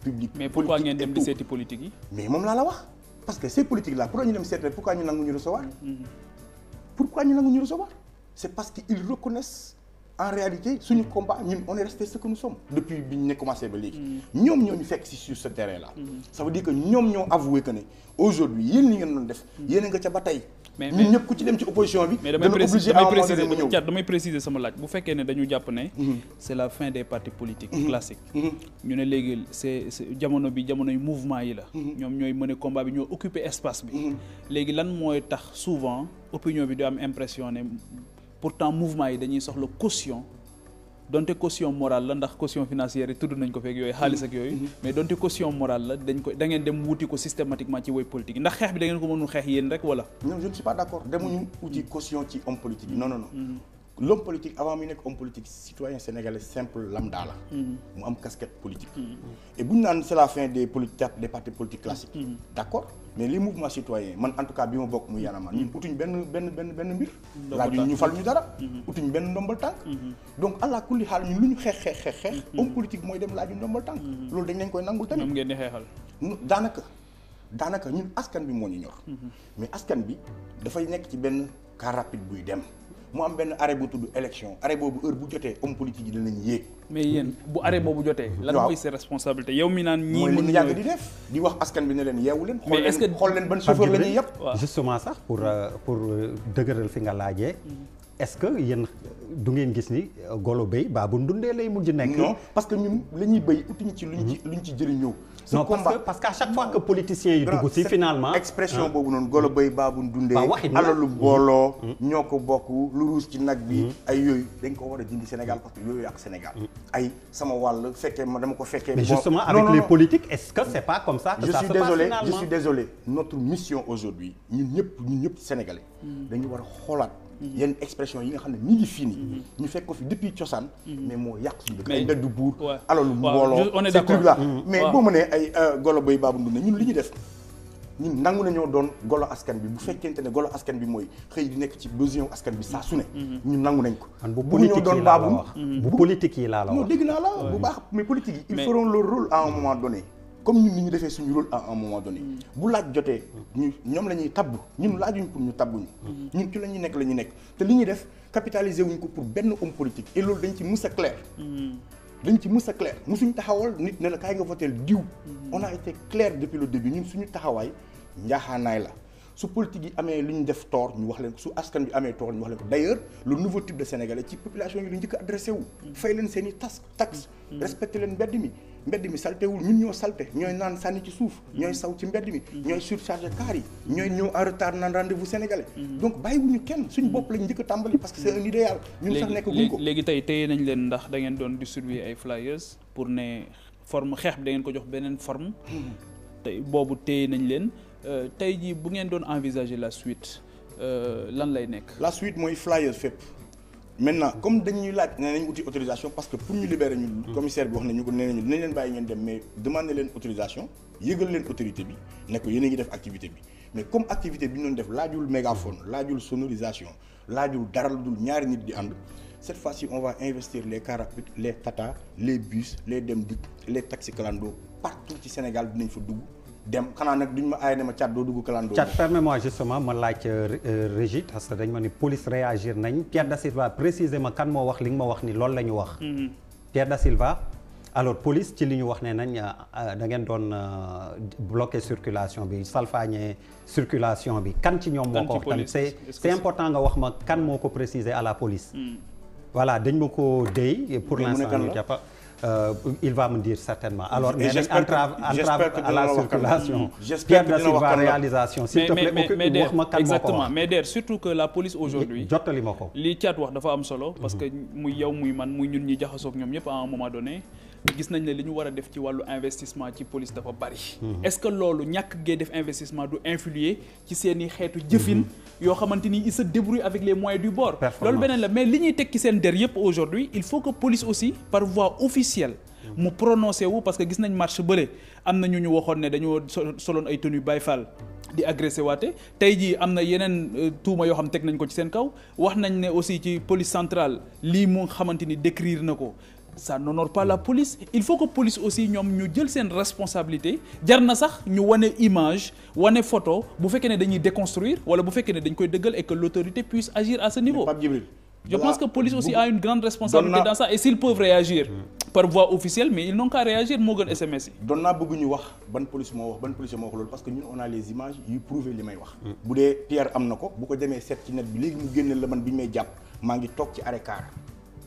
publique. mais pourquoi ngeen dem di seeti politique yi. mais moom laa la wax parce que ces politiques là pourquoi ñu dem seet pourquoi ñu nangu ñu recevoir. pourquoi ñu nangu ñu recevoir. c' parce que ils reconnaissent en réalité suñu combat ñun on est resté ce que nous sommes. depuis bi ñu commencé ba léegi. ñoom ñoo ñu fekk si sur ce terrain là. ça veut dire que ñoom ñoo avoué que ne aujourd'hui yéen li ngeen doon def. yéen a nga ca ba tey. mais ñun ñëpp ku ci dem ci opposition bi. mais damay préciser damay préciser sama laaj bu fekkee ne dañu jàpp ne. Mhm. c' est la fin des partis politiques mhm. classiques. Mhm. ñu ne léegi c' est jamono bi jamonoy mouvement yi la. ñoom ñooy mën a combat bi ñoo occuper espace bi. léegi lan mooy tax souvent opinion bi di am impression ne pourtant mouvement yi dañuy soxla caution. donte caution morale la ndax caution financière yi tudd ko feeg yooyu xaalis ak yooyu mhm. mais donte caution morale la dañ ko da dem wuti ko systématiquement ci way politique yi ndax xeex bi da ko mënul xeex yéen rek wala non je ne suis mhm. ci homme politique non non non mhm. l'homme politique avant muy nekk homme politique citoyen sénégalais simple lambda la mm. mu am casquette politique mm. et bu ñu naan c'est fin des politiques des partis mm. d'accord mais les mouvements citoyens man en tout cas bi ma bokk mu yaanamaan ñun utuñ benn benn benn benn mbir laaj ñu fal ñu dara mm-hmm. utuñ benn ndombal tànk mm-hmm. donc allah kulli xaal ñun lu ñu xeex xeex xeex xeex mm-hmm. homme politique mooy dem laaju ndombal tànk loolu dañ leen koy nangul tamit ñoom ngeen di xeexal daanaka daanaka ñun askan bi moo ñu ñor mais askan bi dafay nekk ci benn car rapide buy dem mu am benn arrêt bu tudd élection arrêt boobu heure bu jotee homme politique yi dinañ yéeg. mais yéen bu arrêt boobu jotee. lan mooy ses responsabilités yow mi naan ñii. mooy li ñu yàgg di def di wax askan bi ne leen yeewu leen. mais est ce que xool leen ban chauffeur la ñuy yëpp. justement sax pour euh, pour euh, dëgëral fi nga laajee. Mm-hmm. est-ce que yéen du ngeen gis ni euh, golo béy baa bu ndundee lay mujj nekk. non parce que ñun la ñuy béy utuñu ci luñ ci mm-hmm. ci jëriñoo. non parce que parce que chaque fois que politiciens yi dugg si finalement. expression boobu noonu golo béy baa bu ndundee. alalu booloo. Mm-hmm. ñoo ko bokk lu ruus ci nag bi. Mm-hmm. ay dañ ko war a dindi Sénégal parce que yooyu ak ay sama wàll fekkee ma dama ko fekkee. mais justement avec les politiques est-ce que c'est pas comme ça. que ça se passe mission aujourd'hui ñun ñëpp ñun ñëpp Sénégalais. Mm. dañu war a xoolaat yenn expression yi nga xam ne ñu ngi fii nii ñu fekk ko fi depuis cosaan mais moo yàq suñu dëkk ay ndeddu buur alalu mbooloo ces trucs là mm. mais boo mënee ay euh, golo bay baabu ndund ñun li ñu def ñun nangu nañoo doon golo askan bi bu fekkente ne golo askan bi mooy xëy di nekk ci besoin askan bi saa su ne. Mm-hmm. ñu nangu nañ ko. Mm-hmm. bu politique yi laa la wax bu politique yi laa la wax. non dégg naa la bu baax mais politique yi. ils feront leur rôle à moment donné. comme ñun ni ñu defee suñu rôle à un moment donné. Mm. bu laaj jotee ñu ñoom la ñuy tabb ñun laajuñ pour ñu tabb ñu. Mm. ñun ci la ñuy nekk la ñuy nekk te li ñu def capitaliser wuñ ko pour benn homme politique et loolu dañ ci mus a clair. Mm. dañ ci mus a clair musuñ taxawal nit ne la kaay nga voté diw. on a été clair depuis le début ñun suñu taxawaay njaaxaanaay la. su politique yi amee lu ñu def tort ñu wax leen ko su askan bi amee tort ñu wax leen ko d'ailleurs le de sénégalais ci population yi lu njëkk adressé wu. fay leen seen i tas taxe respecté leen mbedd mi. mbedd mi saltewul ñun ñoo salte ñooy naan sànni ci suuf ñooy saw ci mbedd mi mhm. ñooy surchargé car yi ñooy ñëw en retard naan rendez-vous sénégalais mhm. donc bàyyiwuñu kenn suñu bopp lañ njëkk tàmbali parce que c'est un idéal ñun sax nekk guñ ko léegi tey téye nañ leen ndax da ngeen doon distribuer ay flyers pour ne forme xeex bi dangeen ko jox beneen forme mhm. tey boobu teye nañ leen euh, tey jii bu ngeen doon envisager la suite euh, lan lay nekk la suite mooy flyers fépp maintenant comme dañuy laaj nee nañ uti autorisation parce que pour ñu libérer ñu mm. commissaire bi wax nañu ko nee nañu leen bàyyi ngeen dem mais demandé leen autorisation yëgal leen autorité bi ne ko yéen a ngi def activité bi mais comme activité bi ñu doon def laajul mégaphone laajul sonorisation laajul dara lu dul ñaari nit di ànd cette fois-ci on va investir les cars rapides les tata les bus les dem dikk les taxis clando partout ci Sénégal dinañ fa dugg dem xanaa nag duñ ma aay ne ma cat doo dugg clando cat permet moi justement ma laaj euh, euh, régie parce que dañ ma ni police réagir nañ Pierre da Silva précisément kan moo wax li nga ma wax ni loolu la wax mm-hmm. Pierre da Silva alors police ci li ñu wax nee nañ euh, da doon bloquer circulation bi salfaañe circulation bi kan ci ñoom moo ko wax wax ma kan moo ko préciser à la police mm. voilà dañ ma ko déy pour l'instant ñu Euh, il va me dire certainement. alors nee nañ entrave entrave à la circulation. j'espère dina wax réalisation. s'il te plaît mais mais exactement mais der surtout que la police aujourd'hui jottali ma ko. li caat wax dafa am solo. parce que mhm. muy yow muy man muy ñun ñi jaxasoog ñoom ñëpp à un moment donné. gis nañ ne li ñu war a def ci wàllu investissement ci police dafa bari. Mhm. est-ce que loolu ñàkk gee def investissement du influer ci seen xeetu jëfin. Mhm. yoo xamante ni ils se débrouillent avec les moyens du bord. loolu beneen la mais li ñuy tekki seen der yëpp aujourd'hui il faut que police aussi par voie officielle. Mhm. mu prononcé wu parce que gis nañ marche bële am na ñu ñu waxoon ne dañoo soloon ay tenues Baye Fall di agressé waate tey jii am na yeneen euh, tuuma yoo xam teg nañ ko ci seen kaw wax nañ ne aussi ci police lii mu xamante ni décrire na ko ça n'honore pas la police il faut que police aussi ñoom ñu jël seen responsabilité jar na sax ñu wane image wane photo bu fekkee ne dañuy déconstruire wala bu fekkee ne dañ koy dëggal et que l'autorité puisse agir à ce niveau je pense que police aussi a une grande responsabilité dans e et s'ils peuvent réagir par voie officielle mais ils n'ont qu'à réagir moo gën SMS yi doon naa bëgg ñu wax ban police moo wax ban policier moo wax loolu parce que ñun on a les images na ko bu ko demee seet ci net bi léegi mu man bi ñu may jàpp maa ngi toog ci arrêt car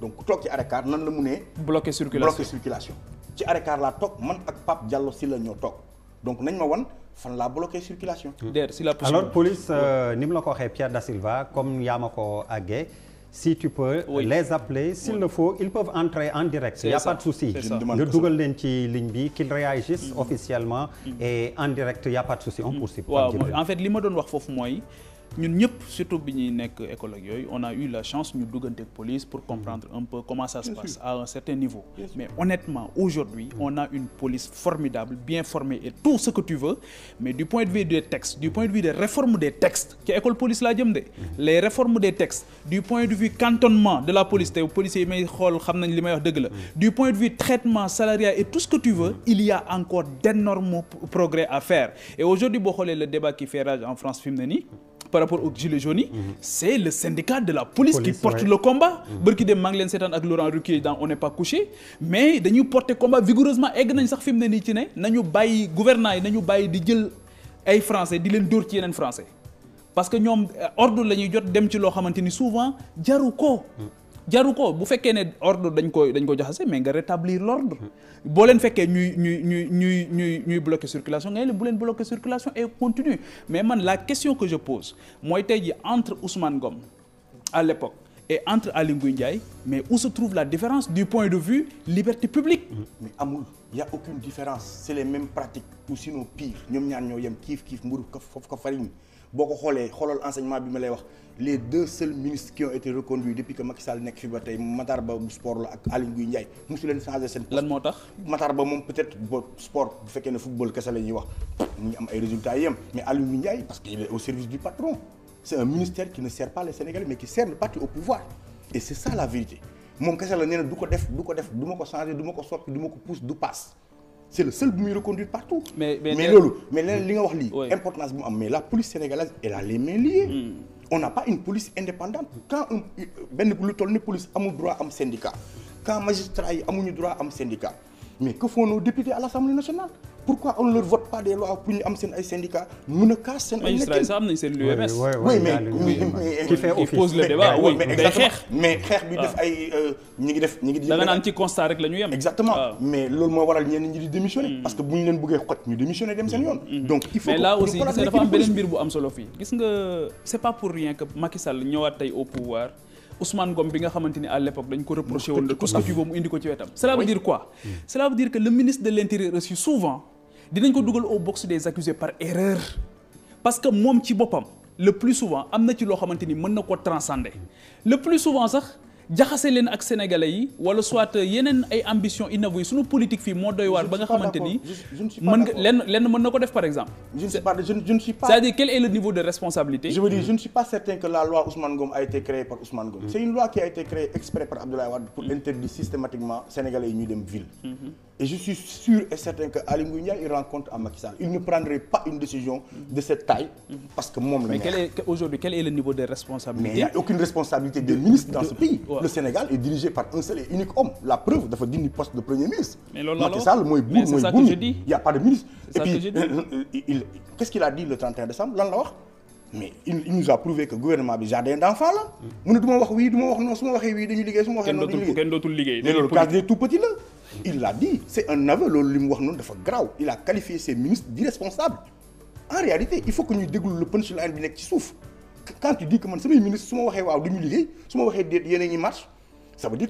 donc ku toog ci arrêt car nan la mu nee. bloqué circulation bloqué circulation. ci arrêt car laa toog man ak Pape Diallo si la ñoo toog donc nañ ma wan fan laa bloqué circulation. Hmm. der si la alors police euh, ni mu la ko waxee Pierre da Silva comme yaa ma ko àggee. si tu peux les appeler s'il oui. le faut ils peuvent entrer en direct il y a ça. dugal leen ci ligne bi qu'ils réagissent hmm. officiellement hmm. et en direct il y a en fait li ma doon wax foofu mooy ñun ñëpp surtout bi ñuy nekk école ak yooyu on a eu la chance ñu duggante police pour comprendre un peu comment ça se passe à un certain niveau mais honnêtement aujourd'hui mm. on a une police formidable bien formée et tout ce que tu veux mais du point de vue des textes du point de vue des réformes des textes mm. du point de vue cantonnement de la police te policiers yi may xool xam nañ li may wax dëgg la mm. du point de vue traitement salarial et tout ce que tu encore d'énormes progrès à faire boo xoolee le débat qui fait rage fi ne nii par rapport aux gilets jaunes yi mhm. c'est le syndicat de la police qui porte le combat mhm. bërki dem maa ngi leen seetaan ak Laurent Ruquier dans on n'est pas couché mais dañuy porter combat vigoureusement egg nañ sax fi ne nii ci ne nañu bàyyi gouvernants yi nañu bàyyi di jël ay français di leen dóor ci yeneen français parce que ñoom euh, ordre la ñuy jot dem ci loo xamante ni souvent jaru ko mm. jaru ko bu fekkee ne ordre dañ ko dañ ko jaxase mais nga rétablir l'ordre boo leen fekkee ñuy ñuy ñuy ñuy ñuy ñuy bloquer circulation nga ne leen bu leen bloquer circulation et continue mais man la question que je pose mooy tey ji entre Ousmane Ngom à l'époque et entre Aly Ngouille mais où se trouve la différence du point de vue liberté publique mm-hmm. mais amul y a aucune différence c'est les mêmes pratiques ou sinon pire ñoom ñaan ñoo yem kiif kiif mburu ko foofu ko farine boo ko xoolee xoolal enseignement bi ma lay wax les deux seuls ministres qui ont été reconduits depuis que Macky nekk fi ba tey Matar Ba sport la ak Aly Ngouille Ndiaye mosu leen changé seen lan ne football kese la ñuy wax mu ngi am ay résultats yem mais Aly Ngouille Ndiaye parce que il est au service du patron c'est un ministère moom kese la nee du ko def du ko def du ma ko changé du ma ko soppi du ma ko pousse du c'est le seul bu muy reconduire partout. mais mais loolu mais leneen li nga wax lii. importance bu mu am mais la police sénégalaise elle a les mains liées. Mmh. on n'a pas une police indépendante quand un benn lu toll ni police amul droit am syndicat quand magistrat yi amuñu droit am syndicat mais que font nos députés à l'Assemblée nationale. pourquoi on leur vote pas des lois pour ñu am seen ay syndicats mën a kaas seen. ay nekkin sax am nañ seen l'UMS. oui mais mais qui fait office pose le débat oui mais xeex. mais xeex bi def ah. ay euh, ñi ngi def ñi ngi. da nga naan ci constat rek la ñu yem. exactement ah. mais loolu moo waral ñenn ñi di démissionner. Hmm. parce que bu ñu leen bëggee xoj ñu démissionner dem seen hmm. yoon. Hmm. donc il faut mais là aussi gis nga dafa am beneen mbir bu am solo fii. gis nga c'est pas pour rien que Macky Sall ñëwaat tey au pouvoir. Ousmane Ngom bi nga xamante ni à l'époque dañ ko reproché woon de tout ce que tu veux mu indi ko ci wetam. cela veut dire quoi cela veut dire que le ministre de l'Intérieur reçu souvent dinañ ko dugal au box des accusés par erreur parce que moom ci boppam le plus souvent am na ci loo xamante ni mën na ko transcender le plus souvent sax jaxase leen ak sénégalais yi wala soit yeneen ay ambition innové yi suñu politique fii moo ba nga xamante ni mën nga na ko def par exemple c'est-à-dire quel est le niveau de responsabilité je ne suis pas certain que la loi Ousmane Gom a été créée par Ousmane Gom c'est une loi qui a été créée exprès par Abdoulaye Wade pour l'interdire systématiquement sénégalais yi ñuy dem ville mm-hmm. et je suis sûr et certain que Aly Ngouille Ndiaye il rencontre à Macky quoi le Sénégal est dirigé par un seul et unique homme la preuve dafa dindi poste de premier ministre. mais loolu la Macky a pas euh, euh, a dit le mais il nous a prouvé que gouvernement bi jardin d'enfant la. mu ne du ma wax oui du wax non su ma waxee oui dañu liggéey su ma waxee mais la. il l'a dit c'est un aveu loolu li wax noonu dafa graw il a qualifié ses ministres d'irresponsables en réalité il faut que ñuy déglu le punchline bi nekk ci suuf. quand tu dis que man samay ministre su ma waxee waaw du ñu liggéey su ma waxee déet yéen a ngi marche ça veut dire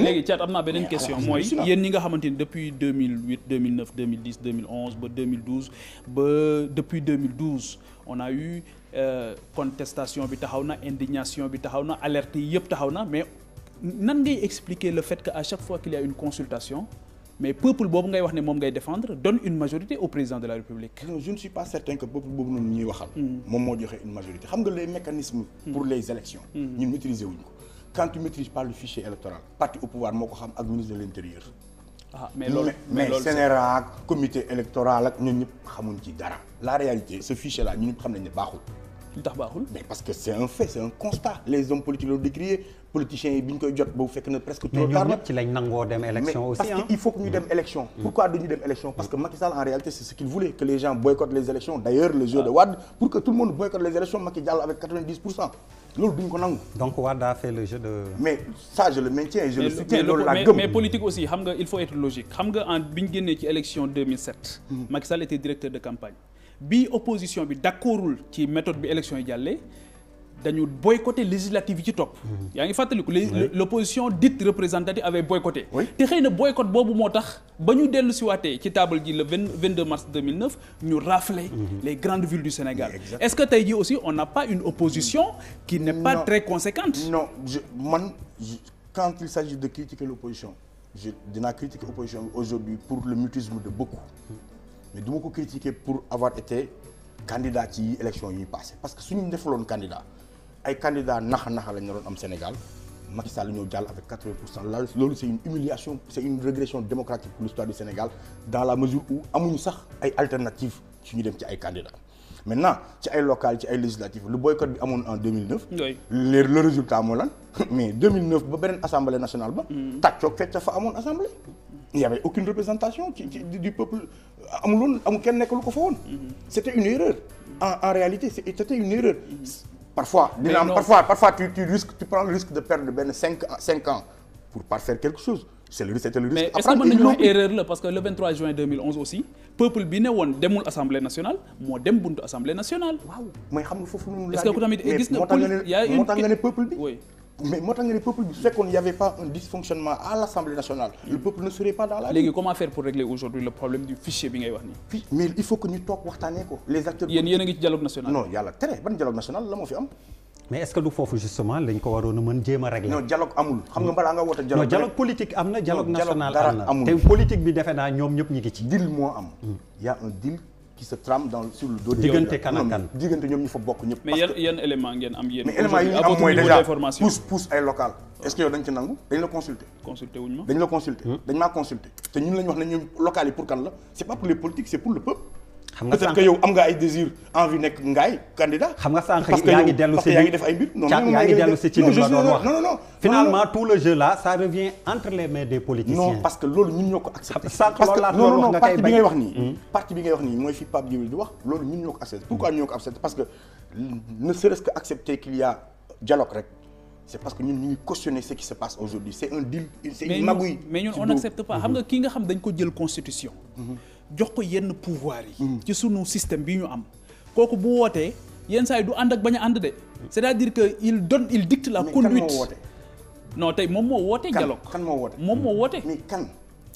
léegi Thiat am naa beneen question mooy yéen ñi nga xamante ni depuis 2008 2009 2010 2011 ba 2012 ba depuis 2012 on a eu euh, contestation bi taxaw na indignation bi taxaw na alerte yi yëpp taxaw na mais nan ngay expliquer le fait que à chaque fois qu'il y a une consultation mais peuple boobu ngay wax ne moom ngay défendre donne une majorité au président de la république. non je ne suis pas certain que peuple boobu noonu ñuy waxal. Hmm. moom moo joxe une majorité xam nga les mécanismes. Hmm. pour les élections hmm. ñun maîtriser wuñ ko. quand tu maîtrises pas le fichier électoral. parti au pouvoir moo ko xam ak ministre de ah, mais loolu comité électoral ak ñun ñëpp xamuñ ci dara. la réalité ce fichier la ñun ñëpp xam nañ ne baaxul. lu tax baaxul parce que c' est un politiciens yi bi ñu koy jot boobu fekk na presque trop tard mais ci lañ nangoo dem élection parce que il faut que ñu dem élection mm. pourquoi duñu dem élection parce que mm. Macky ah. ko nangu. donc Wade a fait le jeu de. mais ça aussi xam nga il faut être logique xam nga en bi ñu génnee ci élection 2007. Mm. Macky était directeur de campagne bi opposition bi d'accordul ci méthode bi élection yi jàllee. dañu boycotté législative yi ci topp. Mm-hmm. yaa ngi fàttaliku l' opposition dite représentative avait boycotté. te xëy na boycott boobu moo tax ba ñu dellu si ci table ji le vingt vingt deux mars deux mille neuf ñu raflé. Mm-hmm. les grandes villes du Sénégal. est ce que tey jii aussi on n'a pas une opposition. qui n'est pas très conséquente. non man quand il s'agit de critiquer l'opposition je dinaa critiquer opposition bi aujourd'hui pour le mutisme de beaucoup mm-hmm. mais du ma ko critiquer pour avoir candidat ci élection yi passé parce que suñu defaloon candidat ay candidat naxa-naxa lañ doon am Sénégal Macky Sall ñëw la loolu c'est une humiliation c'est une régression démocratique pour l'histoire du Sénégal dans la mesure où amuñu sax ay alternatives suñu dem ci ay candidats maintenant ci ay local ci ay législatives lu boycott bi amoon en 2009. le le résultat moo lan mais 2009 ba beneen assemblée nationale ba. Mm. tàccoog fecc fa amoon assemblée. il y aucune représentation ko fa c'était une erreur en en réalité c'était une erreur parfois dina am parfois parfois tu tu risques tu prends le risque de perdre benn cinq cinq ans pour parfaire quelque chose c'est le risque c'était le risque. mais est-ce que mën nañu wax erreur la parce que le juin aussi peuple bi ne woon demul assemblée nationale moo dem buntu assemblée nationale. est-ce que tamit gis nga moo tax nga ne peuple bi. mais moo tax nga ne peuple bi su fekkoon y' avait pas un dysfonctionnement à l' assemblée nationale. le peuple ne serait pas dans la. léegi comment bi ngay wax nii. mais il faut que ñu toog waxtaanee ko. les acteurs a ngi ci dialogue national. non yàlla tere ban dialogue national la moo fi am. mais est du foofu justement lañ ko waroon mën jéem a régler. dialogue amul xam nga balaa nga woote. dialogue dialogue politique am na dialogue national am na te politique qui se trame dans sur le dos. diggante kan ak kan diggante ñoom ñu fa bokk ñëpp. parce que mais yan yan élément ngeen am yéen. mais élément pousse ay local. est-ce que yow dañ ci nangu dañ la consulter. dañ la consulter. Hmm. dañ maa consulter te ñun lañ wax ne ñoom yi pour kan la c'est pas pour les politiques c'est pour le peuple. xam nga peut-être que yow am nga ay désir envie nekk ngaay candidat. xam nga sànq yaa ngi dellu si parce que yow parce que yaa ngi def ay mbir. non non yaa ngi dellu si ci li ma doon wax non non finalement tout le jeu là ça revient entre les mains des politiciens. non parce que loolu ñun ñoo ko accepté. sànq loolu laa doon wax nga kay bañ parce que non non parti bi ngay wax nii. Hmm. parti bi ngay wax nii mooy fi Pape Djibril di wax loolu ñun ñoo ko accepté. pourquoi ñun ñoo ko accepté parce que ne serait-ce que accepter qu'il y a dialogue rek. c'est parce que ñun ñu ngi cautionner ce qui se passe aujourd'hui c'est un deal c'est une magouille mais ñun on n'accepte pas xam nga mhm. kii nga xam dañ ko jël constitution mhm. jox ko yenn pouvoir yi. Mm. ci sunu système bi ñu am. kooku bu wootee yenn saa yi du ànd ak bañu ànd de. c'est-à-dire que il done il dicte la conduite non tey moom moo woote dialogue kan moo woote moom moo wootee mais kan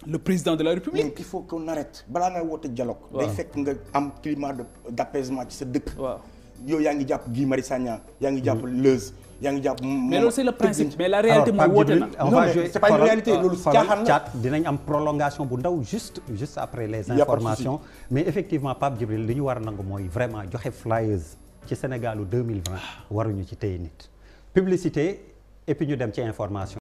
le président de la république mais il faut qu'on arrête balaa ngay woote dialogue day fekk nga am de d'apaisement ci sa dëkk waaw yow yaa ngi jàpp Guy Marius Sagna yaa ngi jàpp mm-hmm. Leuze yaa ngi jàpp. mais loolu c'est le principe mais la réalité mooy woote na. on va euh, dinañ am prolongation bu ndaw juste juste après les informations mais effectivement Pape Djibril li ñu war a nangu mooy vraiment joxe flyers ci Sénégalu 2020 waruñu ci tey nit publicité et puis ñu dem ci information